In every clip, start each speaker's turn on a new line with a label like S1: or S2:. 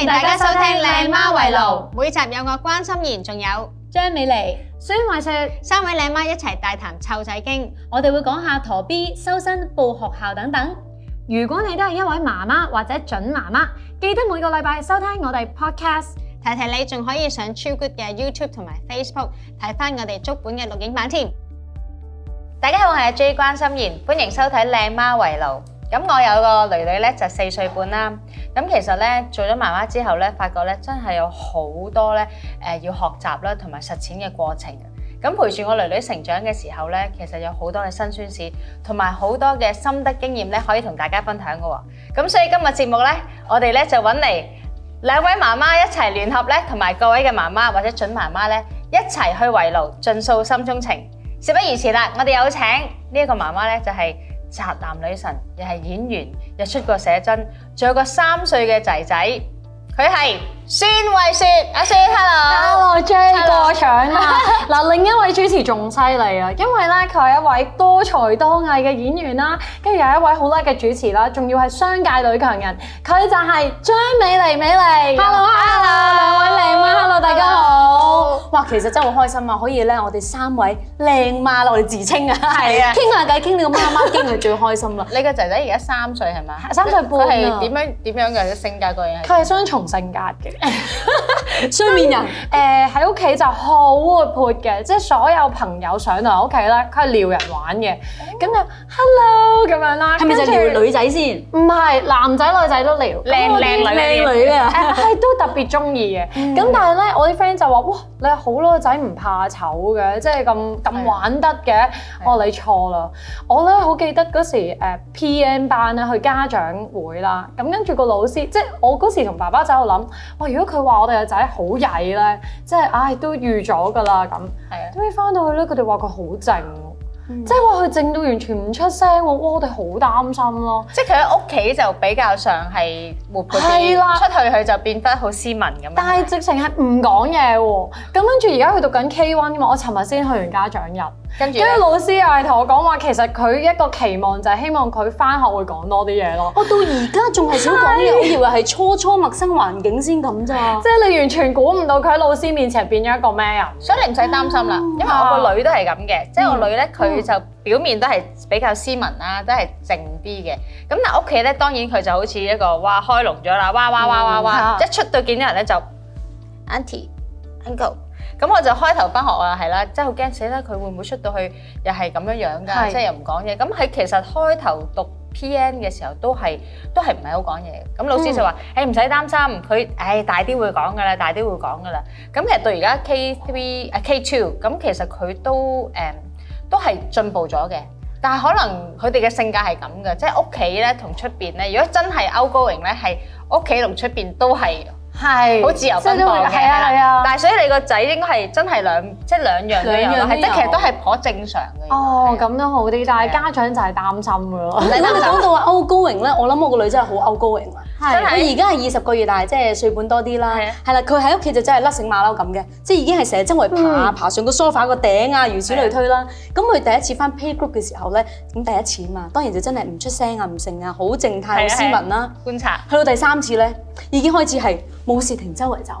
S1: 歡迎大家收聽《
S2: 靚媽為奴》，每集有我關心妍，仲有張美麗、孫慧雪，三位靚媽一齊大談湊仔經，我哋會講下陀 B、修身、報學校等等。如果你都係一位媽媽或者準媽媽，記得每個禮拜收聽我哋 podcast。提提你仲可以上超 good 嘅 YouTube 同埋 Facebook 睇翻我哋足本嘅錄影版添。大家好，我係 J 關心妍，歡迎收睇《靚媽為奴》。咁我有個女女咧，就四歲半啦。咁其實咧，做咗媽媽之後咧，發覺咧真係有好多咧，誒要學習啦，同埋實踐嘅過程。咁陪住我囡囡成長嘅時候咧，其實有好多嘅辛酸事，同埋好多嘅心得經驗咧，可以同大家分享嘅。咁所以今日節目咧，我哋咧就揾嚟兩位媽媽一齊聯合咧，同埋各位嘅媽媽或者準媽媽咧，一齊去圍爐，盡訴心中情。言不於辭啦，我哋有請呢一個媽媽咧，就係。宅男女神，又係演員，又出過寫真，仲有個三歲嘅仔仔，佢係。
S3: 孫慧雪，阿宣，hello。阿 J 過場啊！嗱，另一位主持仲犀利啊，因為咧佢係一位多才多藝嘅演員啦，跟住有一位好叻嘅主持啦，仲要係商界女強人，佢就係張美麗美麗，hello hello，兩位靚媽，hello 大家
S1: 好。哇，其實真係好開心啊，可以咧，我哋三位靚媽落嚟自稱啊，係啊，傾下偈，傾到媽媽經係最開心啦。你個仔仔而家
S2: 三歲係咪？三歲半啊。佢係點樣點樣嘅？性格嗰樣。佢
S3: 係雙重性格嘅。雙 面人，誒喺屋企就好活潑嘅，即係所有朋友上到屋企咧，佢係撩人玩嘅，咁啊，hello 咁樣啦。係咪就撩女仔先？唔係男仔女仔都撩，靚靚女，女、靚女嘅、啊，係、呃、都特別中意嘅。咁 但係咧，我啲 friend 就話：哇，你好咯，仔唔怕醜嘅，即係咁咁玩得嘅。哦的，你錯啦，我咧好記得嗰時、uh, P.M 班啦，去家長會啦，咁跟住個老師，即係我嗰時同爸爸走，我諗，如果佢話我哋個仔好曳咧，即係唉、哎、都預咗噶啦咁，點解翻到去咧？佢哋話佢好靜，嗯、即係話佢靜到完全唔出聲喎，我哋好擔心咯。即係佢喺屋企就比較上係活潑啲，的出去佢就變得好斯文咁。的但係直情係唔講嘢喎。咁跟住而家佢讀緊 K One 嘛，我尋日先去完家長日。嗯嗯跟住跟住老師又係同我講話，其實佢一個期望就係希望佢返學會講多啲嘢咯。我到而家仲係少講嘢，我以為係初初陌生環境先咁咋。即係你完全估唔到佢喺老師面前變咗一個咩啊，所以你唔使擔心啦，因為我個女都
S2: 係咁嘅。即係個女咧，佢就表面都係比較斯文啦，都係靜啲嘅。咁但係屋企咧，當然佢就好似一個哇開籠咗啦，哇哇哇哇哇，一出到見啲人咧就 Auntie Uncle。咁我就開頭返學啊，係啦，真係好驚死啦，佢會唔會出到去又係咁樣樣㗎？即係又唔講嘢。咁喺其實開頭讀 P N 嘅時候，都係都係唔係好講嘢。咁老師就話，誒唔使擔心，佢誒大啲會講㗎啦，大啲會講㗎啦。咁其實到而家 K three，啊 K two，咁其實佢都誒都係進步咗嘅。但係可能佢哋嘅性格係咁嘅，即係屋企咧同出邊咧。如果真係歐高榮咧，係屋企同出邊都係。係，好是自由奔放係啊係啊，啊但係所以你個仔應該係真係兩，即、就、係、是、兩樣嘅樣，樣，係即係其實都係頗正常
S1: 嘅。哦，咁都、啊、好啲，但係家長就係擔心㗎咯對。我你講到話 outgoing 咧，我諗我個女真係好 outgoing。佢而家係二十個月大的，即係歲半多啲啦。係啦，佢喺屋企就真係甩繩馬騮咁嘅，即係已經係成日周圍爬，嗯、爬上個梳化個頂啊，如此類推啦。咁佢的第一次返 play group 嘅時候咧，咁第一次啊嘛，當然就真係唔出聲啊，唔成啊，好靜態，好斯文啦，觀察。去到第三次咧，已經開始係冇時停周圍走。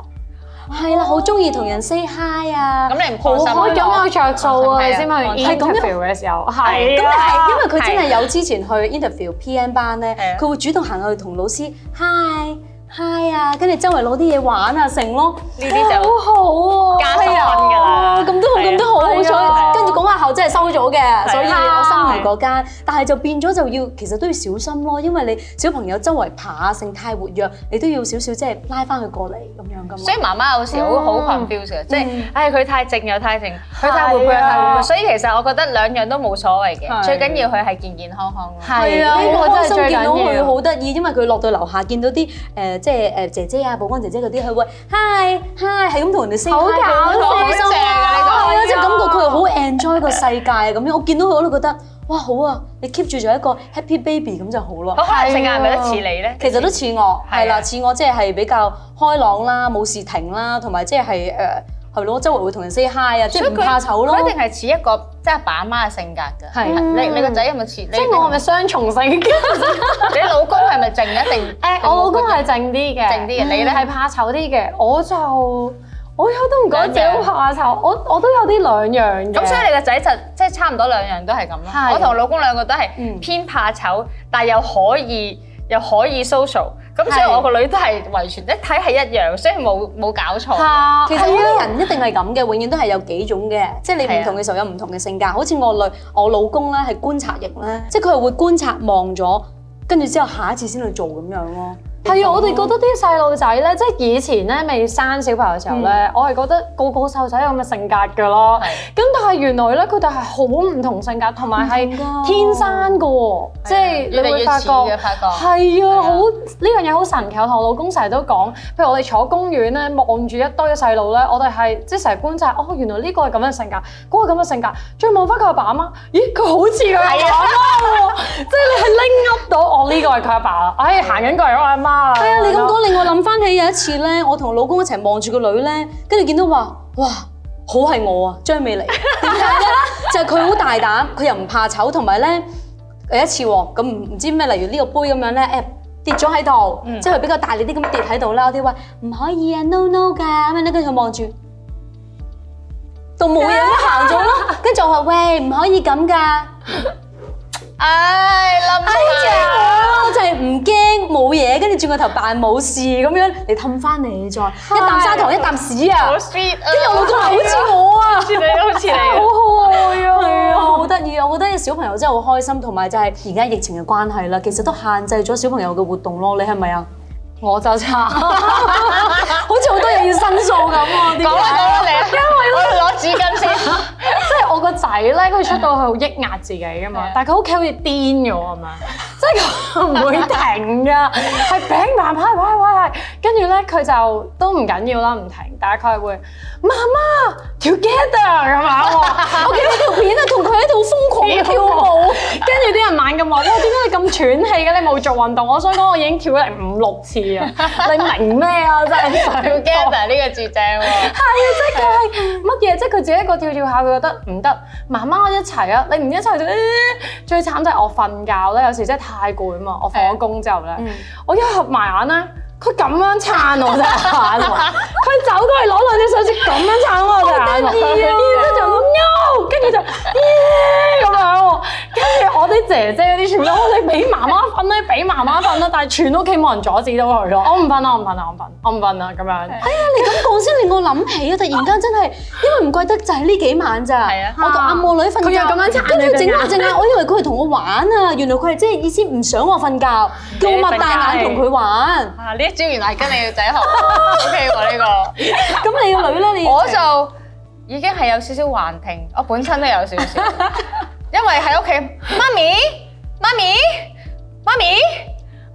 S1: 係啦，好中意同人 say hi 啊，好、嗯、開心咁樣著數啊，你、啊、先去 interview 嘅時候，係、啊、吧因為佢真係有之前去 interview PM 班呢，佢的會主動行去同老師 hi。嗨啊，跟住周圍攞啲嘢玩啊，成咯，呢啲就好好啊，加十分㗎啦，咁都好，咁都好，好彩跟住講下後真係收咗嘅，所以我收埋嗰間，但係就變咗就要，其實都要小心咯，因為你小朋友周圍爬啊，性太活躍，你都要少少即係拉翻佢過嚟咁樣㗎嘛。
S2: 所以媽媽有時好好 confuse
S1: 㗎，即係，唉，佢太靜又太靜，佢太活潑又太活潑，所
S2: 以其實我覺得兩樣都冇所謂嘅，最緊要佢係健健康康。係啊，我真係
S1: 見到佢好得意，因為佢落到樓下見到啲誒。即係誒姐姐啊，保安姐姐嗰啲，佢會 hi hi 係咁同人哋 say hi，好搞笑，好正㗎！你講係啊，即係感覺佢係好 enjoy 個世界咁樣。我見到佢我都覺得，哇好啊！你 keep 住做一個 happy baby 咁就好咯。咁性格係咪都似你咧？其實都似我，係啦，似我即係比較開朗啦，冇事停啦，同埋即係誒。係咯，周圍會同人 say hi 啊，即係唔怕醜咯。一定係似一個即係阿爸阿媽嘅性格㗎。係，你你個仔
S3: 有冇似？你即係我係咪雙重性格？你老公係咪靜一定？誒，我老公係靜啲嘅。靜啲嘅？你你係怕醜啲嘅？我就我有都唔覺得自己好怕醜，我我都有啲兩樣嘅。咁所以你個
S2: 仔就即係差唔多兩樣都係咁啦。我同我老公兩個都係偏怕醜，但係又可以。又可以 social，咁所以我個女都係遺傳，一睇係一樣，所以冇冇搞錯。其實呢啲人
S1: 一定係咁嘅，永遠都係有幾種嘅，即係你唔同嘅時候有唔同嘅性格。好似個我女，我老公咧係觀察型咧，即係佢係會觀察望咗，跟住之後下一次先去做咁樣咯。係啊，我哋覺得啲細路仔咧，即係以前咧未
S3: 生小朋友嘅時候咧，我係覺得個個細路仔有咁嘅性格㗎咯。咁但係原來咧，佢哋係好唔同性格，同埋係天生㗎，即係你會發覺係啊，好呢樣嘢好神奇。我同我老公成日都講，譬如我哋坐喺公園咧，望住一堆嘅細路咧，我哋係即係成日觀察，哦，原來呢個係咁嘅性格，嗰個咁嘅性格，再望翻佢阿爸阿媽，咦，佢好似佢阿媽喎，即係你係 link up 到，哦，呢個係佢阿爸，
S1: 唉，行緊過嚟，我阿媽。係啊，你咁講令我諗翻起有一次咧，我同老公一齊望住個女咧，跟住見到話，哇，好係我啊，張美妮，點解嘅咧？就係佢好大膽，佢又唔怕醜，同埋咧，有一次喎，咁唔知咩，例如呢個杯咁樣咧，誒，跌咗喺度，即係比較大力啲咁跌喺度啦，啲話唔可以啊，no no 噶，咁樣咧，跟住望住，都冇嘢咁行咗咯，跟住我話，喂，唔可以咁噶，唉，林小跟住轉個頭扮冇事咁樣，你氹翻你，再一啖砂糖一啖屎啊！跟住又扮好似我啊，好似你，好可愛啊，係啊，好得意啊！我覺得小朋友真係好開心，同埋就係而家疫情嘅關係啦，其實都限制咗小朋友嘅活動咯。你係咪啊？我就差，好似好多嘢要申訴咁啊！講啦講啦，你因為我要攞紙巾先。即係我個
S3: 仔咧，佢出到去好抑壓自己噶嘛，但係佢屋企好似癲咗係咪？即係佢唔會停㗎，慢慢歪歪係乒乒乓喂喂，乓，跟住咧佢就都唔緊要啦，唔停，但係佢會媽媽，together 咁樣，我見呢啲片係同佢喺度好瘋狂跳舞，跟住啲人猛咁話：點解你咁喘氣嘅？你冇做運動？我想講我已經跳咗嚟五六次啊， 你明咩啊？真係，together 呢個字正喎，係啊、 就是，即係佢係乜嘢？即係佢自己一個跳跳下覺得唔得？媽媽，我一齊啊！你唔一齊就最慘就係我瞓覺咧。有時真係太攰啊嘛！呃、我放咗工之後咧，嗯、我一合埋眼咧。佢咁樣撐我隻眼喎，佢走過去攞兩隻手指咁樣撐我隻眼喎，跟住就 No，跟住就耶咁樣喎，跟住我啲姐姐嗰啲全部都，你俾媽媽瞓啦，俾媽媽瞓啦，但係全屋企冇人阻止到佢咯。我唔瞓啊，我唔瞓啊，我唔瞓，我唔瞓啊咁樣。
S1: 係啊，你咁講先令我諗起啊，突然間真係，因為唔怪得就係呢幾晚咋。係啊，我同阿母女瞓佢又咁樣撐，跟住整下整下，我以為佢係同我玩啊，原來佢係即係意思唔想我瞓覺，叫我擘大眼同佢玩。
S2: 專員係跟你個仔學 OK 喎，呢個。咁你個女咧？我就已經係有少少還停，我本身都有少少。因為喺屋企，媽咪，媽咪，媽咪，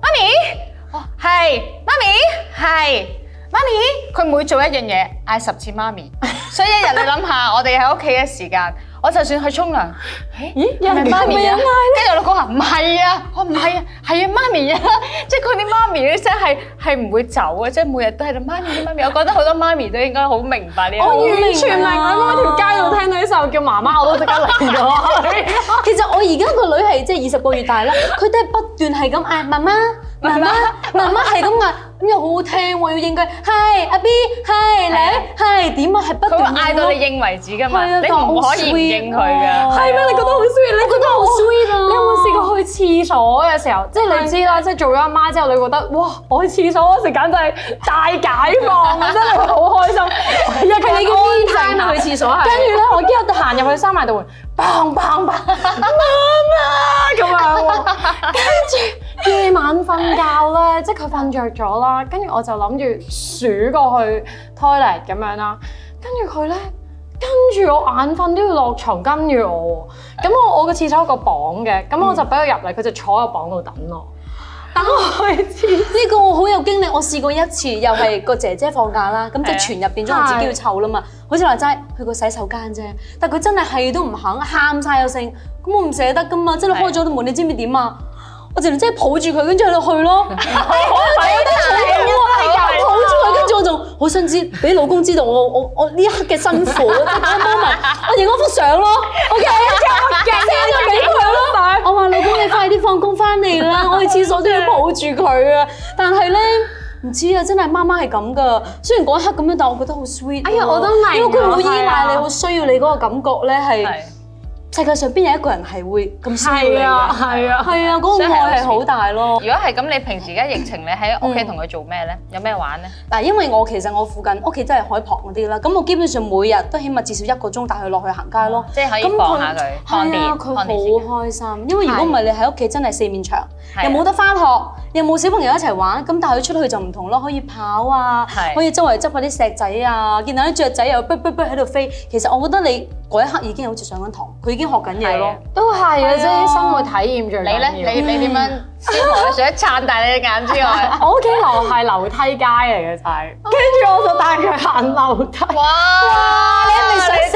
S2: 媽咪，我係媽咪，係媽咪。佢每做一樣嘢嗌十次媽咪，所以一日你諗下，我哋喺屋企嘅時間。我就算去沖涼，誒？咦？又係咦媽咪啊！跟我老公話唔係啊，我唔係啊，係啊媽咪啊！即係嗰啲媽咪啲聲係係唔會走嘅，即係每日都係到媽咪啲媽咪。我覺
S1: 得好多媽咪都應該好明白呢啲。我完全明，喺嗰條街度聽到一首歌叫媽媽，我都即刻住咗。其實我而家個女係即係二十個月大啦，佢都係不斷係咁嗌媽媽、媽媽、媽媽係咁嗌。媽媽咁又好好聽喎，要應佢，係阿 B，係你，係點啊？係不斷嗌到你應為止㗎嘛，你唔可以唔應佢
S2: 㗎。係咩？你
S3: 覺得好 sweet？你覺得好 sweet？你有冇試過去廁所嘅時候？即你知啦，即做咗阿媽之後，你覺得哇，我去廁所嗰時簡直係大解放，真係好開心。一係你叫 B 聽去廁所係。跟住咧，我之後行入去閂埋度，bang bang bang，媽啊咁啊，跟住。夜晚瞓覺咧，即係佢瞓着咗啦，跟住我就諗住鼠過去 toilet 咁樣啦，跟住佢咧，跟住我眼瞓都要落床。跟住我，咁我我個廁所有個綁嘅，咁我就俾佢入嚟，佢就坐喺個綁度等我，
S1: 等我開廁。呢 個我好有經歷，我試過一次，又係個姐姐放假啦，咁即係全入邊都我自己要湊啦嘛。的好似話齋去個洗手間啫，但佢真係係都唔肯，喊晒。有聲，咁我唔捨得噶嘛，即係你開咗度門，你知唔知點啊？我只能真係抱住佢，跟住喺度去咯，係啊，抱住佢，跟住我仲好想知俾老公知道我我我呢一刻嘅辛苦，即係當當埋，我影嗰幅相咯，OK，即係呢個俾佢咯，我話老公你快啲放工翻嚟啦，我去廁所都要抱住佢啊，但係呢，唔知啊，真係媽媽係咁噶，雖然嗰刻咁樣，但我覺得好 sweet，哎呀，我都係，因為佢好依賴你，好需要你嗰個感覺呢係。世界上邊有一個人係會咁犀利嘅？係啊，係啊，係對啊，嗰個愛係好大咯。如果係咁，你平時而家疫情，你喺屋企同佢做咩咧？嗯、有咩玩咧？嗱，因為我其實我附近屋企都係海旁嗰啲啦，咁我基本上每日都起碼至少一個鐘帶佢落去行街咯。即係可以放
S2: 下
S3: 佢，
S1: 係他電啊，佢好電開心。因為如果唔係你喺屋企，真係四面牆，啊、又冇得翻學，又冇小朋友一齊玩，咁帶佢出去就唔同咯，可以跑啊，啊可以周圍執下啲石仔啊，見到啲雀仔又噠噠噠喺度飛。其實我覺得你。我一刻已經好似上緊堂，佢已經學緊嘢咯，都係啊，即係生活體驗住你咧？你你點
S3: 樣師父？啊、想撐大你隻眼之外， 我屋企樓係樓梯街嚟嘅就係，跟住 我就帶佢行樓梯。哇！哇哇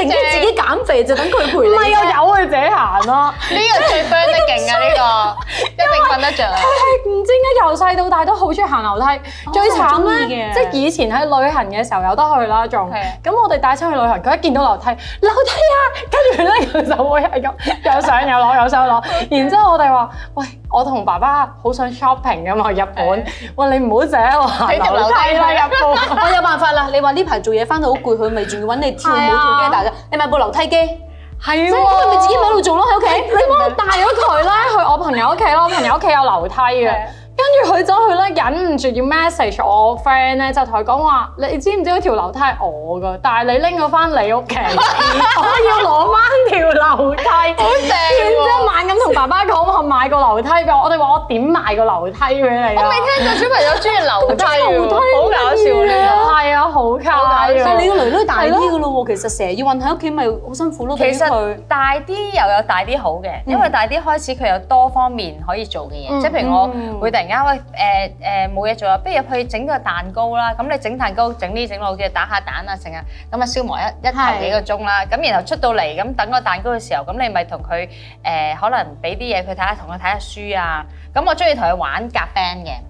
S3: 成日自己減肥就等佢陪你係啊，有佢俾行咯，呢個最方便勁啊！呢個一定瞓得着。佢係唔知點解由細到大都好中意行樓梯。最慘咧，即係以前喺旅行嘅時候有得去啦，仲咁我哋帶出去旅行，佢一見到樓梯，樓梯啊！跟住咧就會係咁有上有攞，有收攞。然之後我哋話：喂，我同爸爸好想 shopping 嘅嘛，日本。喂，你唔好寫我爬樓梯啦，入鋪。我有辦法啦，
S1: 你話呢排做嘢翻得好攰，佢咪仲要揾你跳舞跳驚大嘅。你買部樓梯機，係，是哦、即係咪自己喺度做咯喺屋企，你幫我帶咗佢咧去我朋友屋企囉，我朋友屋企有樓梯
S3: 嘅。跟住佢走去咧，忍唔住要 message 我 friend 咧，就同佢講話：你知唔知嗰條樓梯係我嘅？但係你拎咗翻你屋企，我要攞翻條樓梯，好正！猛咁同爸爸講話買個樓梯俾我，我哋話我點買個
S1: 樓梯俾你。我未聽過小朋友中意樓梯喎，好搞笑嘅，係啊，好搞笑，你個女囡大啲嘅咯喎，其實成日要韞喺屋企咪好辛苦咯。其實佢大
S2: 啲又有大啲好嘅，因為大啲開始佢有多方面可以做嘅嘢，即係譬如我會突然。喂，誒誒冇嘢做啊，不如入去整個蛋糕啦。咁你整蛋糕，整呢整落去打下蛋啊，成啊。咁啊消磨一是一頭幾個鐘啦。咁然後出到嚟咁等個蛋糕嘅時候，咁你咪同佢誒可能俾啲嘢佢睇下，同佢睇下書啊。咁我中意同佢玩夾 band 嘅。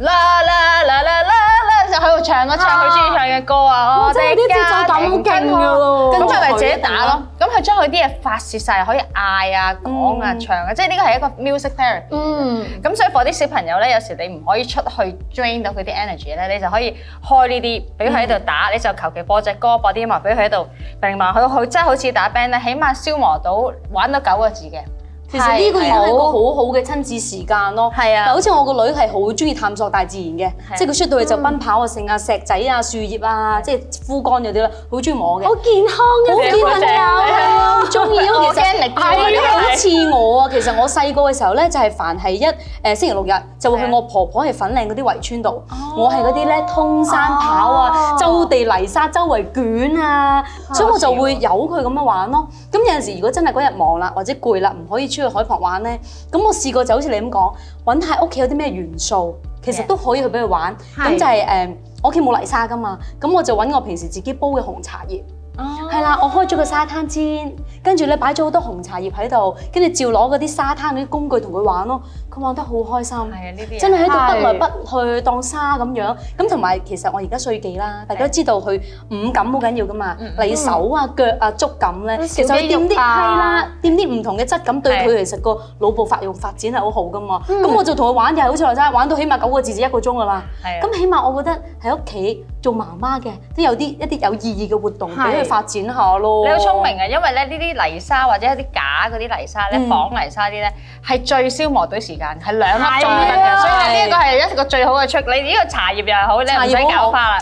S2: 啦啦啦啦啦啦！就喺度唱咯，唱佢中意唱嘅歌啊！真係啲節奏咁勁嘅咯，咁、啊、就為那自己打咯。咁佢將佢啲嘢發泄晒，可以嗌啊、講啊、嗯、唱啊。即係呢個係一個 music therapy。Ity, 嗯。咁所以，for 啲小朋友咧，有時你唔可以出去 drain 到佢啲 energy 咧，你就可以開呢啲，俾佢喺度打。嗯、你就求其播隻歌，播啲音樂俾佢喺度，並埋佢。佢真係好似打 band 咧，起碼消磨到，消磨到玩到九個字嘅。其實呢個已經係一個好好嘅
S1: 親子時間咯。係啊，好似我個女係好中意探索大自然嘅，即係佢出到去就奔跑啊，剩啊石仔啊、樹葉啊，即係枯乾嗰啲啦，好中意摸嘅。好健康嘅，好健康，好中意咯。其實係啊，似我啊，其實我細個嘅時候咧，就係凡係一誒星期六日，就會去我婆婆係粉嶺嗰啲圍村度，我係嗰啲咧通山跑啊，周地泥沙周圍捲啊，所以我就會由佢咁樣玩咯。咁有陣時如果真係嗰日忙啦或者攰啦，唔可以去海旁玩咧，咁我試過就好似你咁講，揾下屋企有啲咩元素，其實都可以去俾佢玩。咁就係誒，我屋企冇泥沙噶嘛，咁我就揾我平時自己煲嘅紅茶葉。哦，係啦、oh，我開咗個沙灘氈，跟住咧擺咗好多紅茶葉喺度，跟住照攞嗰啲沙灘嗰啲工具同佢玩咯，佢玩得好開心。係啊，呢啲真係喺度不來不去的當沙咁樣。咁同埋其實我而家歲幾啦，大家都知道佢五感好緊要噶嘛，的例如手啊、腳啊、觸感咧，嗯、其實掂啲係啦，掂啲唔同嘅質感對佢其實個腦部發育發展係好好噶嘛。咁的我就同佢玩又係好似話齋，玩到起碼九個字至一個鐘噶啦。係咁的起碼我覺得喺屋企。做媽媽嘅都有啲一啲有意義嘅活動俾佢的發展下咯。你好聰明啊！
S2: 因為咧呢啲泥沙或者一啲假嗰啲泥沙咧，仿、嗯、泥沙啲咧係最消磨嘅時間，係兩粒鐘。啊、所以咧呢個係一個最好嘅出。你呢個茶葉又好，好你唔使搞花
S1: 啦。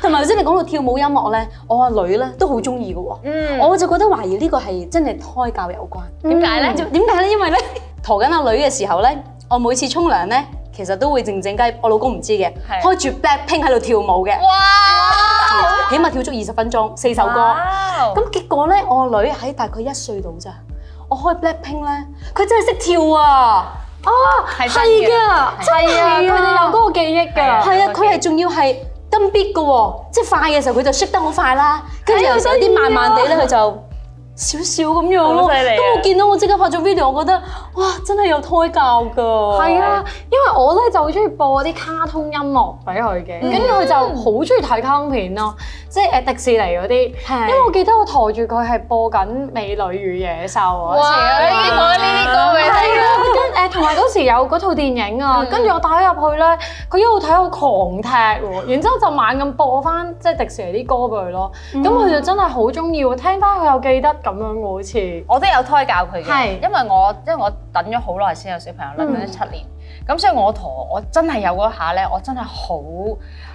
S1: 同埋頭先你講到跳舞音樂咧，我阿女咧都好中意嘅喎。嗯、我就覺得懷疑呢個係真係胎教有關。點解咧？點解咧？因為咧， 陀緊阿女嘅時候咧，我每次沖涼咧。其實都會靜靜雞，我老公唔知嘅，開住 Black Pink 喺度跳舞嘅，哇！起碼跳足二十分鐘，四首歌，咁結果咧，我女喺大概一歲度咋，我開 Black Pink 咧，佢真係識跳啊！啊，係㗎，真係啊，佢有嗰個記憶㗎，係啊，佢係仲要係跟 beat 嘅喎，即係快嘅時候佢就識得好快啦，跟住有時候有啲慢慢地咧，佢就。少少咁樣咯，咁、啊、我見到我即刻拍咗 video，我覺得哇，真係有胎教㗎。
S3: 係啊，因為我咧就好中意播啲卡通音樂俾佢嘅，跟住佢就好中意睇卡通片咯，即係誒、呃、迪士尼嗰啲。是因為我記得我抬住佢係播緊《美女與野獸》嗰時，已經播呢啲歌俾佢。跟誒，同埋嗰時有嗰套電影啊，跟住、嗯、我帶咗入去咧，佢一路睇我狂踢喎，然之後就猛咁播翻即係迪士尼啲歌俾佢咯。咁佢、嗯、就真係好中意，聽翻佢又記得。咁樣嘅好似，我都有胎教佢嘅，因為我因為我等咗好耐先有小朋
S2: 友，諗咗七年，咁所以我陀我真係有嗰下咧，我真係好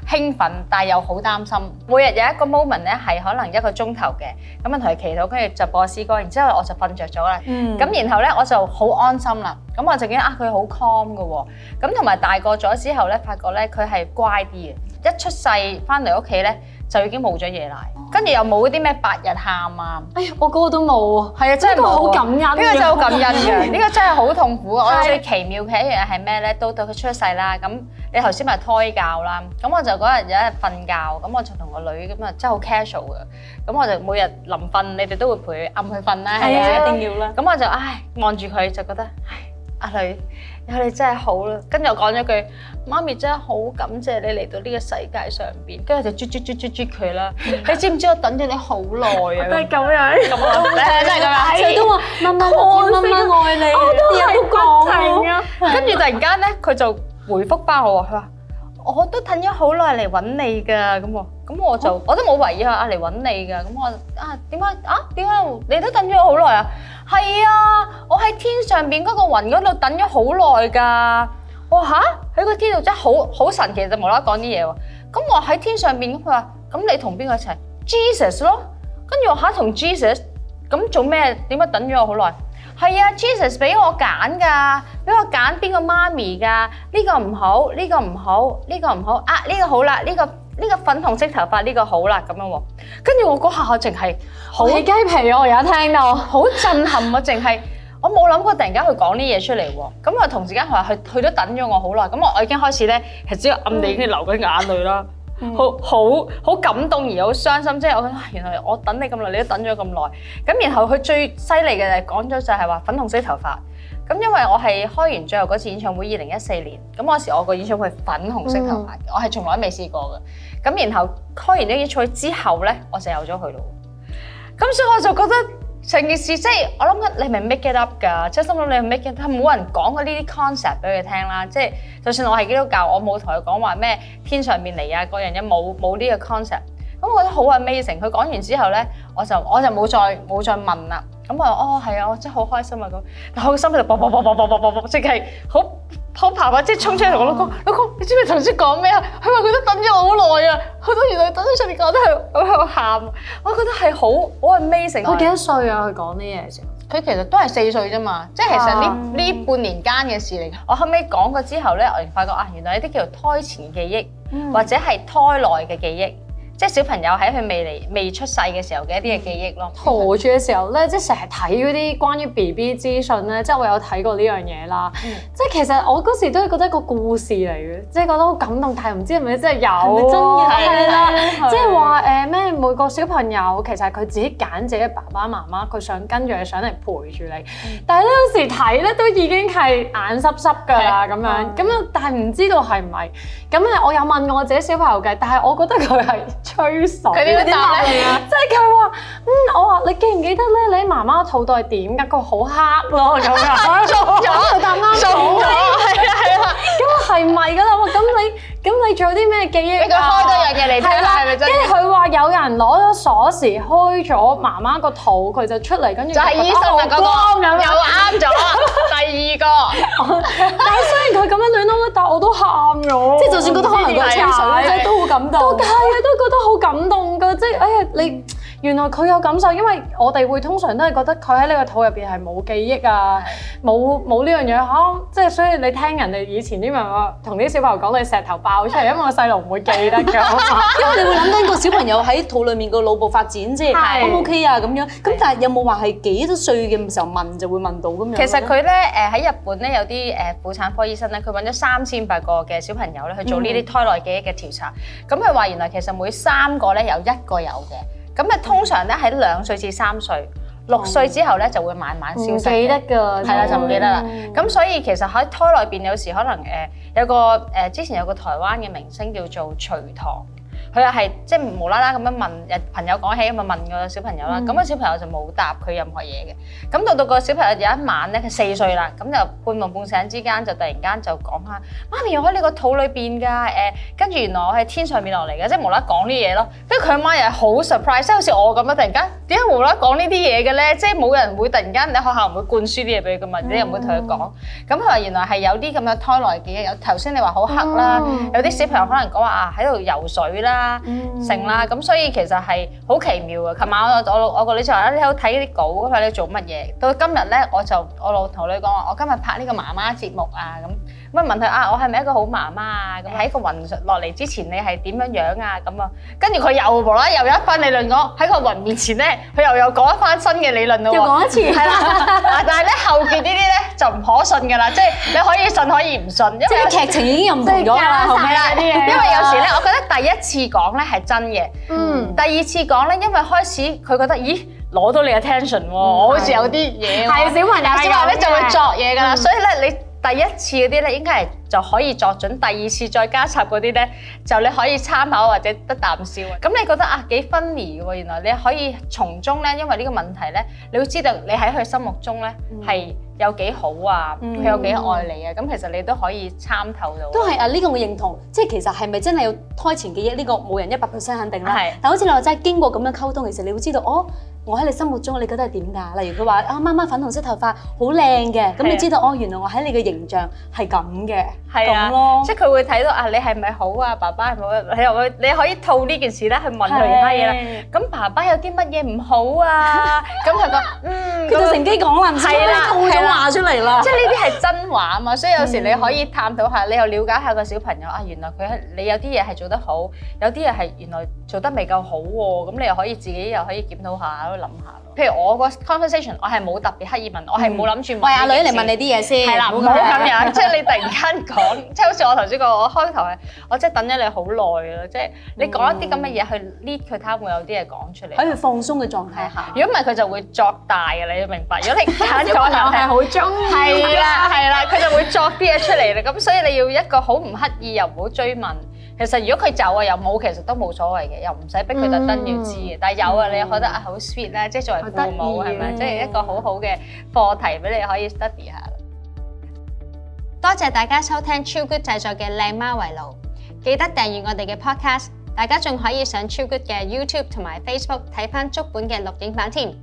S2: 興奮，但係又好擔心。每日有一個 moment 咧，係可能一個鐘頭嘅，咁啊同佢祈禱，跟住就播詩歌，然之後我就瞓著咗啦。咁然後咧，我就好安心啦。咁我就覺得啊，佢好 calm 㗎喎。咁同埋大個咗之後咧，發覺咧佢係乖啲嘅。一出世翻嚟屋企咧，就已經冇咗夜奶。跟住又冇嗰啲咩百日喊啊！哎呀，我個都冇，係啊，真係好感恩，呢個真係好感恩嘅，呢個真係好痛苦。我最奇妙嘅一樣嘢係咩咧？到到佢出世啦，咁你頭先咪胎教啦，咁我就嗰日有一日瞓覺，咁我就同個女咁啊，真係好 casual 嘅，咁我就每日臨瞓，你哋都會陪佢暗佢瞓啦，係啊，一定要啦。咁我就唉，望住佢就覺得唉。佢，然後你真係好啦，跟住我講咗句：媽咪真係好感謝你嚟到呢個世界上邊。跟住就追追追追追佢啦。你知唔知我等咗你好耐啊？都係咁樣，係係真係咁樣。佢都話：媽媽，媽媽愛你。我都係講啊。跟住突然間咧，佢就回覆翻我話：佢話我都等咗好耐嚟揾你噶。咁喎，咁我就我都冇懷疑啊，嚟揾你噶。咁我啊，點解啊，點解你都等咗我好耐啊？係啊，我喺天上邊嗰個雲嗰度等咗好耐噶。哇吓喺個天度真係好好神奇就冇啦啦講啲嘢喎。咁我喺天上邊，佢話咁你同邊個一齊？Jesus 咯，跟住我吓同 Jesus，咁做咩？點解等咗我好耐？係啊，Jesus 俾我揀噶，俾我揀邊個媽咪噶？呢個唔好，呢個唔好，呢個唔好啊，呢個好啦，呢個。呢個粉紅色頭髮呢，這個好辣咁樣喎，跟住我嗰下淨係好雞皮我而家聽到，好 震撼啊，淨係我冇諗過突然間佢講啲嘢出嚟喎，咁啊同時間佢話佢佢都等咗我好耐，咁我我已經開始咧其實只要暗地已經流緊眼淚啦，好好好感動而好傷心，即係我覺得原來我等你咁耐，你都等咗咁耐，咁然後佢最犀利嘅就係講咗就係話粉紅色頭髮。咁因為我係開完最後嗰次演唱會，二零一四年，咁嗰時我，演、嗯、我個演唱會粉紅色頭髮，我係從來未試過嘅。咁然後開完呢演唱會之後咧，我就有咗佢咯。咁所以我就覺得成件事，即、就、係、是、我諗緊你咪 make it up 㗎，即係心諗你 make it up，冇人講過呢啲 concept 俾佢聽啦。即、就、係、是、就算我係基督教，我冇同佢講話咩天上面嚟啊，各樣嘢冇冇呢個 concept。我覺得好 Amazing。佢講完之後咧，我就我就冇再冇再問啦。咁啊，哦係啊，我真係好開心啊咁。但係我個心喺度啵啵啵啵啵啵啵啵，即係好好爬爬，即係衝出嚟同我老公，老公，你知唔知頭先講咩啊？佢話佢都等咗我好耐啊。佢都原來等咗，上面講都係，我喺度喊。我覺得係好，好 Amazing。佢幾多歲啊？佢講呢嘢時候，佢其實都係四歲啫嘛。即係其實呢呢半年間嘅事嚟。我後尾講過之後咧，我哋發覺啊，原來有啲叫做胎前記憶，或者係胎內嘅記憶。即係小朋友喺佢未嚟未出世嘅時候嘅一啲嘅記憶咯。嗯、陀住
S3: 嘅時候咧，即係成日睇嗰啲關於 BB 資訊咧，即係我有睇過呢樣嘢啦。嗯、即係其實我嗰時都係覺得一個故事嚟嘅，即係覺得好感動，但係唔知係咪真係有啊？係啦，即係話誒咩每個小朋友其實佢自己揀自己爸爸媽媽，佢想跟住佢上嚟陪住你。但係嗰時睇咧都已經係眼濕濕㗎啦，咁樣咁樣，但係唔知道係唔係。咁咧我有問過我自己小朋友嘅，但係我覺得佢係。 吹水佢哋要點答你啊？即係佢話，嗯，我話你記唔記得咧？你媽媽肚袋點噶？佢好黑咯，咁樣答 中咗了，答啱咗，係啊係啊，咁我係咪噶啦？我咁你。咁你做啲咩記憶啊？俾佢開多樣嘢嚟聽，係咪真係，跟住佢話有人攞咗鎖匙開咗媽媽個肚，佢就出嚟，跟住就係醫生，光咁又啱咗。 第二個， 但係雖然佢咁樣亂攤，但係我都喊咗。即係就算覺得可能冇差，都好是感動。都係啊，都覺得好感動噶。即係哎呀你。原來佢有感受，因為我哋會通常都係覺得佢喺呢個肚入邊係冇記憶啊，冇冇呢樣嘢嚇，即係所以你聽人哋以前啲媽媽同啲小朋友講，佢石頭爆出嚟，因為我細路唔會記得㗎，因為你會諗緊個
S1: 小朋友喺肚裡面個腦部發展先，都 OK 啊咁樣。咁但係有冇話係幾多歲嘅時候問就會問到咁樣？其實佢咧誒喺日本咧有啲誒
S2: 婦產科醫生咧，佢揾咗三千八個嘅小朋友咧去做呢啲胎內記憶嘅調查，咁佢話原來其實每三個咧有一個有嘅。咁啊，通常咧喺兩歲至三歲，六歲之後咧就會慢慢消失。唔記得㗎，係啦對、哦、就唔記得啦。咁、嗯、所以其實喺胎內邊有時可能誒、呃、有個誒、呃、之前有個台灣嘅明星叫做隋棠。佢又係即係無啦啦咁樣問，誒朋友講起咁啊問個小朋友啦，咁個小朋友就冇答佢任何嘢嘅。咁到到個小朋友有一晚咧，佢四歲啦，咁就半夢半醒之間就突然間就講翻：媽咪，我喺你個肚裏邊㗎。誒，跟住原來我喺天上面落嚟嘅，即係無啦講呢嘢咯。跟住佢阿媽又係好 surprise，即係好似我咁樣，突然間點解無啦講呢啲嘢嘅咧？即係冇人會突然間喺學校唔會灌輸啲嘢俾佢㗎嘛，你又唔會同佢講。咁佢話原來係有啲咁樣胎內嘅嘢，有頭先你話好黑啦，有啲小朋友可能講話啊喺度游水啦。成啦，咁、嗯、所以其實係好奇妙嘅。琴晚我我我個女就話：你喺度睇啲稿，咁你做乜嘢？到今日咧，我就我老豆同你講話，我今日拍呢個媽媽節目啊，咁、嗯。乜問佢啊？我係咪一個好媽媽啊？咁喺個雲落嚟之前，你係點樣樣啊？咁啊，跟住佢又無啦，又有一番理論講喺個雲面前咧，佢又又講一番新嘅理論咯。又講一次，係啦。但係咧後邊呢啲咧就唔可信㗎啦，即係你可以信可以唔信，因為劇情已經唔同咗啦，係啦？因為有時咧，我覺得第一次講咧係真嘅，嗯，第二次講咧，因為開始佢覺得咦攞到你嘅 attention，我好似有啲嘢，係小朋友，小朋友就會作嘢㗎啦，所以咧你。第一次嗰啲咧，應該係就可以作準；第二次再加插嗰啲咧，就你可以參考或者得啖笑。咁你覺得啊，幾分離喎？原來你可以從中咧，因為呢個問題咧，你會知道你喺佢心目中咧係有幾好啊，佢、嗯、有幾愛你啊。咁、嗯、其實你都
S1: 可以參透到。都係啊，呢、這個我認同。即係其實係咪真係要胎前記憶？呢、這個冇人一百 percent 肯定啦。係是。但好似你話齋，經過咁樣溝通，其實你會知道哦。我喺你心目中，你覺得係點㗎？例如佢話啊，媽媽粉紅色頭髮好靚嘅，咁你知道哦，原來我喺你嘅形象係咁嘅，咁咯的，即係佢會睇到啊，你係咪好啊？爸爸係咪？你
S2: 又可以套呢件事咧去問佢其他嘢。咁爸爸有啲乜嘢唔好啊？咁佢講，嗯，佢就乘機講爛，係、啊、啦，係啦的，你話的出嚟啦。即係呢啲係真話啊嘛，所以有時你可以探討下，你又了解下個小朋友啊。原來佢你有啲嘢係做得好，有啲嘢係原來做得未夠好喎。咁你又可以自己又可以檢討下。諗下咯，譬如我個 conversation，我係冇特別刻意問，我係冇諗住問。喂，阿女嚟問你啲嘢先，唔好咁樣，即係你突然間講，即係好似我頭先個，我開頭係我真係等咗你好耐咯，即係你講一啲咁嘅嘢去 lead 佢，佢會有啲嘢講出嚟喺佢
S1: 放鬆嘅狀態下。
S2: 如果唔係，佢就會作大嘅，你明白？如果你啲朋友係好
S3: 中意，係啦係啦，佢就會作啲嘢出嚟啦。咁
S2: 所以你要一個好唔刻意，又唔好追問。其實如果佢走啊又冇，其實都冇所謂嘅，又唔使逼佢特登要知嘅。但係有啊，你又覺得啊好 sweet 啦，即係作為父母係咪？即係一個好好嘅課題俾你可以 study 下。多謝大家收聽超 good 製作嘅《靚媽圍爐》，記得訂閱我哋嘅 podcast。大家仲可以上超 good 嘅 YouTube 同埋 Facebook 睇返足本嘅錄影版添。